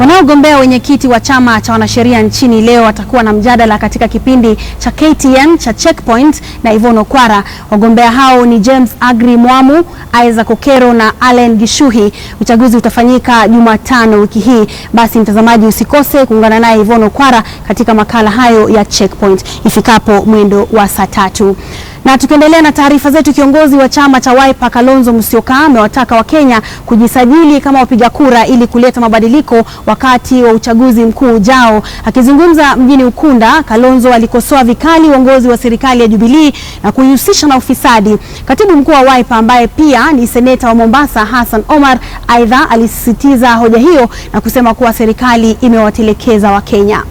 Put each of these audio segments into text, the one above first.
When Wagombea wenyekiti wa chama cha wanasheria nchini leo watakuwa na mjadala katika kipindi cha KTN cha Checkpoint na Yvonne Okwara. Wagombea hao ni James Agri Mwamu, Isaac Okero na Allen Gishuhi. Uchaguzi utafanyika Jumatano wiki hii. Basi mtazamaji, usikose kuungana naye Yvonne Okwara katika makala hayo ya Checkpoint ifikapo mwendo wa saa tatu. Na tukiendelea na taarifa zetu, kiongozi wa chama cha Wiper Kalonzo Musyoka amewataka Wakenya kujisajili kama wapiga kura ili kuleta mabadiliko wakati wakati wa uchaguzi mkuu ujao. Akizungumza mjini Ukunda, Kalonzo alikosoa vikali uongozi wa serikali ya Jubilee na kuihusisha na ufisadi. Katibu mkuu wa Wiper ambaye pia ni seneta wa Mombasa Hassan Omar aidha alisisitiza hoja hiyo na kusema kuwa serikali imewatelekeza Wakenya.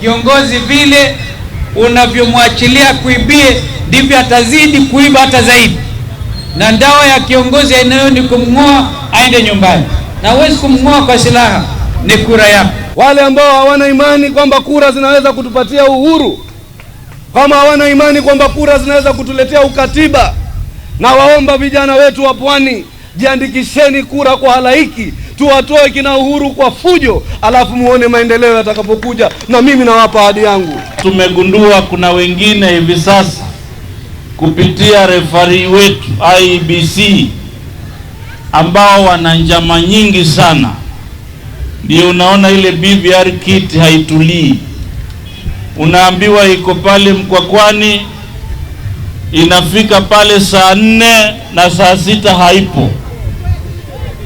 Kiongozi vile unavyomwachilia kuibie ndivyo atazidi kuiba hata zaidi, na ndawa ya kiongozi ainayo ni kumng'oa aende nyumbani, na huwezi kumng'oa kwa silaha, ni kura yako. Wale ambao hawana imani kwamba kura zinaweza kutupatia uhuru, kama hawana imani kwamba kura zinaweza kutuletea ukatiba, na waomba vijana wetu wa Pwani, jiandikisheni kura kwa halaiki, tuwatoe kina Uhuru kwa fujo, alafu muone maendeleo yatakapokuja. Na mimi nawapa ahadi yangu, tumegundua kuna wengine hivi sasa kupitia refari wetu IBC ambao wana njama nyingi sana, ndio unaona ile BVR kit haitulii. Unaambiwa iko pale Mkwakwani, inafika pale saa nne na saa sita haipo,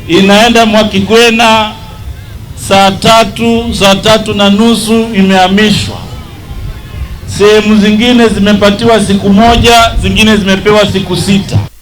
inaenda Mwakikwena saa tatu saa tatu na nusu imehamishwa sehemu zingine zimepatiwa siku moja, zingine zimepewa siku sita.